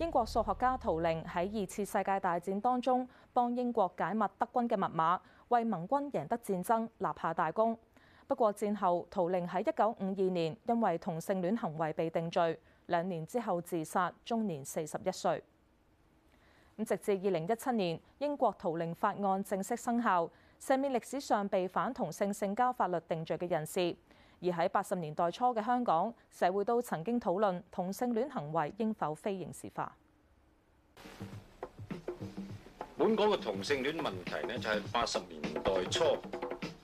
英國數學家圖靈喺二次世界大戰當中幫英國解密德軍嘅密碼，為盟軍贏得戰爭立下大功。不過戰後，圖靈喺一九五二年因為同性戀行為被定罪，兩年之後自殺，終年四十一歲。咁直至二零一七年，英國圖靈法案正式生效，赦免歷史上被反同性性交法律定罪嘅人士。而喺八十年代初嘅香港，社會都曾經討論同性戀行為應否非刑事化。本港嘅同性戀問題呢，就係八十年代初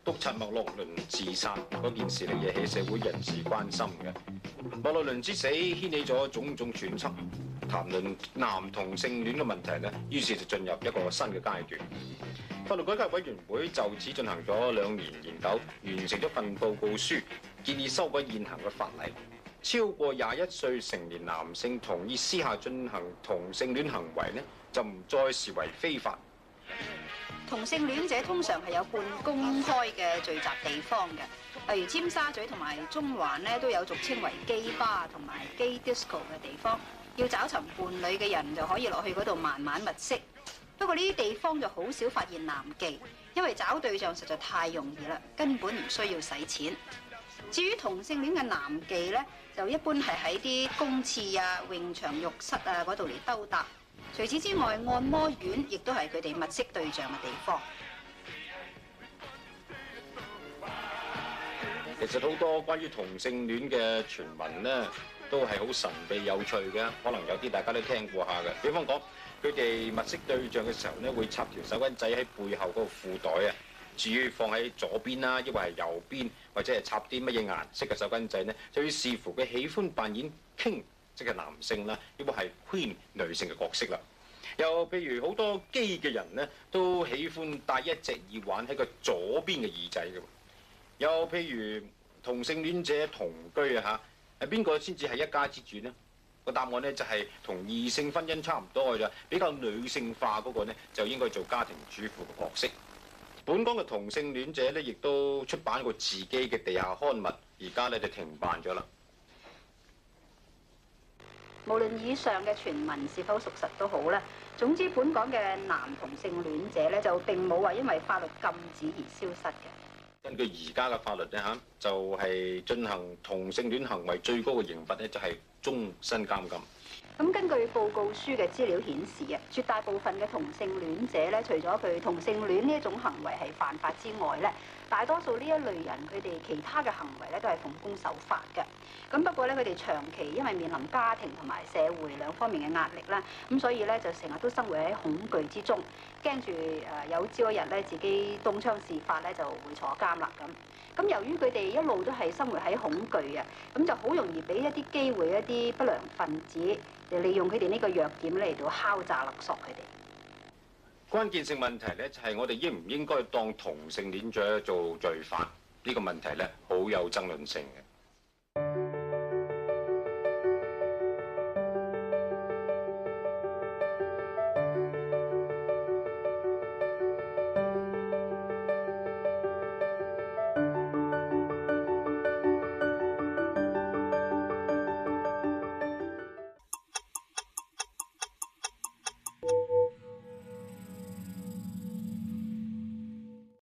督察麥洛倫自殺嗰件事嚟惹起社會人士關心嘅。麥洛倫之死牽起咗種種揣測，談論男同性戀嘅問題呢，於是就進入一個新嘅階段。法律改革委員會就此進行咗兩年研究，完成咗份報告書，建議修改現行嘅法例。超過廿一歲成年男性同意私下進行同性戀行為呢，就唔再視為非法。同性戀者通常係有半公開嘅聚集地方嘅，例如尖沙咀同埋中環呢都有俗稱為基巴同埋基 disco 嘅地方，要找尋伴侶嘅人就可以落去嗰度慢慢物色。不過呢啲地方就好少發現男妓，因為找對象實在太容易啦，根本唔需要使錢。至於同性戀嘅男妓呢，就一般係喺啲公廁啊、泳場、浴室啊嗰度嚟兜搭。除此之外，按摩院亦都係佢哋物色對象嘅地方。其實好多關於同性戀嘅傳聞呢，都係好神秘有趣嘅，可能有啲大家都聽過下嘅，比方講，佢哋物色對象嘅時候咧，會插條手巾仔喺背後嗰個褲袋啊，至於放喺左邊啦，抑或係右邊，或者係插啲乜嘢顏色嘅手巾仔呢，就要視乎佢喜歡扮演 king 即係男性啦，抑或係 queen 女性嘅角色啦。又譬如好多 gay 嘅人呢，都喜歡戴一隻耳環喺個左邊嘅耳仔嘅。又譬如同性戀者同居啊吓，嚇，係邊個先至係一家之主呢？個答案呢，就係、是、同異性婚姻差唔多嘅啫，比較女性化嗰個呢就應該做家庭主婦嘅角色。本港嘅同性戀者呢，亦都出版過自己嘅地下刊物，而家呢，就停辦咗啦。無論以上嘅傳聞是否屬實都好啦，總之本港嘅男同性戀者呢，就並冇話因為法律禁止而消失嘅。根據而家嘅法律呢，嚇，就係、是、進行同性戀行為最高嘅刑罰呢，就係、是。終身監禁。咁根據報告書嘅資料顯示啊，絕大部分嘅同性戀者咧，除咗佢同性戀呢一種行為係犯法之外咧，大多數呢一類人佢哋其他嘅行為咧都係奉公守法嘅。咁不過咧，佢哋長期因為面臨家庭同埋社會兩方面嘅壓力啦，咁所以咧就成日都生活喺恐懼之中，驚住誒有朝一日咧自己東窗事發咧就會坐監啦咁。咁由於佢哋一路都係生活喺恐懼啊，咁就好容易俾一啲機會一啲不良分子。利用佢哋呢個弱點嚟到敲詐勒索佢哋。關鍵性問題咧就係、是、我哋應唔應該當同性戀者做罪犯？呢、這個問題咧好有爭論性嘅。